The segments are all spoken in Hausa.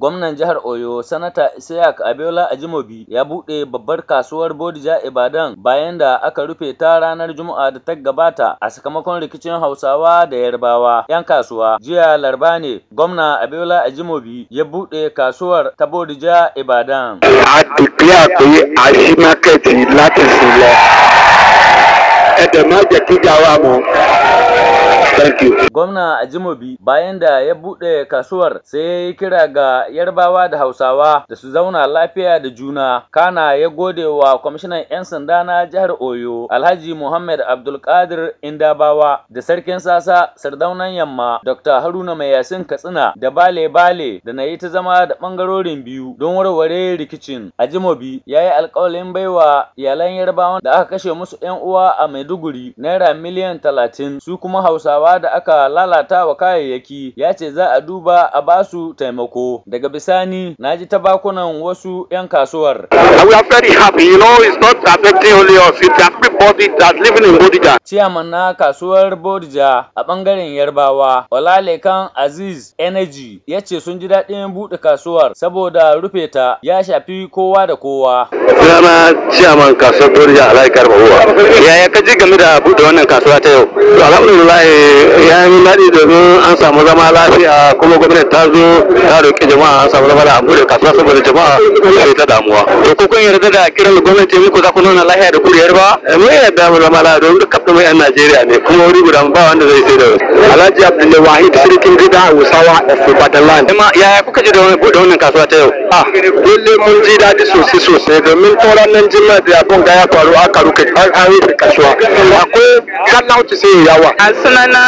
Gwamnan jihar Oyo, Sanata Isiyak Abiola Ajimobi ya buɗe babbar kasuwar Bodija Ibadan bayan da aka rufe ta ranar Juma'a da ta gabata a sakamakon rikicin Hausawa da Yarbawa. 'Yan kasuwa jiya Larba ne Gwamna Abiola Ajimobi ya buɗe kasuwar ta Bodija Ibadan. A Gwamna Ajimobi bayan da ya buɗe kasuwar sai ya yi kira ga Yarbawa da Hausawa da su zauna lafiya da juna. Kana ya gode wa kwamishinan 'yan sanda na jihar Oyo Alhaji Muhammad Abdulkadir Indabawa da sarkin sasa Sardaunan Yamma Dr. Haruna Mai Yasin Katsina da Bale Bale da na yi ta zama da ɓangarorin biyu don warware rikicin. Ajimobi ya yi alkawalin baiwa iyalan Yarbawan da aka kashe musu 'yan uwa a Maiduguri naira miliyan talatin su kuma Hausawa talakawa da aka lalata wa kayayyaki ya ce za a duba a ba su taimako daga bisani na ji tabakunan wasu 'yan kasuwar. Ciyaman na kasuwar Bodija a bangaren Yarbawa, Olalekan Aziz Energy ya ce sun ji daɗin buɗe kasuwar saboda rufe ta ya shafi kowa da kowa. Sunana ciyaman kasuwar Bodija Alaikar Bahuwa. Yaya ka ji game da buɗe wannan kasuwa ta yau? Alhamdulillah Eh, ya yi daɗi domin an samu zama lafiya kuma gwamnati ta zo ta roƙi jama'a an samu zama da amure kasuwa saboda jama'a sai ta damuwa to ko kun yarda da kiran gwamnati muku za ku nuna lafiya da kuriyar ba eh, mun yarda mu zama lafiya domin duk kafin mai yan Najeriya ne kuma wuri guda ba wanda zai sai da wani. Alhaji Abdullahi Wahid sirkin gida Hausawa da Fubatan Land kuma yaya kuka ji da wani buɗe wannan kasuwa ta yau ah dole mun ji daɗi sosai sosai domin tsoron nan jimla da abun ga ya faru aka rufe kasuwa akwai kan kallon sai yawa a sunan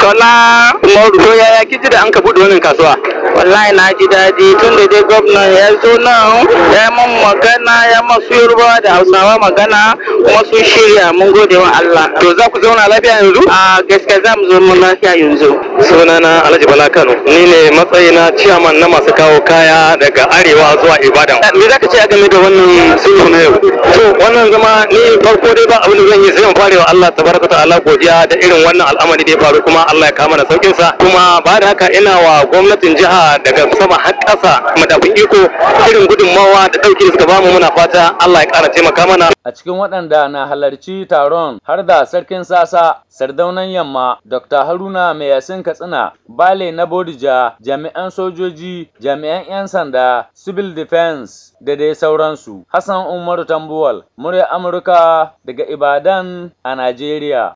salam Mawudu To yaya kiji da an ka bude wannan kasuwa? Wallahi na ji daɗi tun da dai gwamnan ya zo nan ya mun magana ya masu Yorubawa da Hausawa magana kuma sun shirya mun gode wa Allah to za ku zauna lafiya yanzu a gaskiya za mu zo mun lafiya yanzu sunana Alhaji Bala Kano ni ne matsayina ciyaman na masu kawo kaya daga arewa zuwa Ibadan me ka ce game da wannan sulhu na yau to wannan zama ni farko dai ba abin da zan yi sai mu fare wa Allah tabaraka ta'ala godiya da irin wannan al'amari da ya faru kuma Allah ya kama da saukin sa kuma ba da haka ina wa gwamnatin jiha daga sama har ƙasa madafin iko irin gudunmawa da ɗauke da suka bamu muna fata Allah ya ƙara taimaka mana a cikin waɗannan waɗanda na halarci taron har da sarkin sasa sardaunan yamma dr haruna mai yasin katsina bale na bodija jami'an sojoji jami'an 'yan sanda civil defense da dai sauransu hassan umaru tambuwal murya amurka daga ibadan a najeriya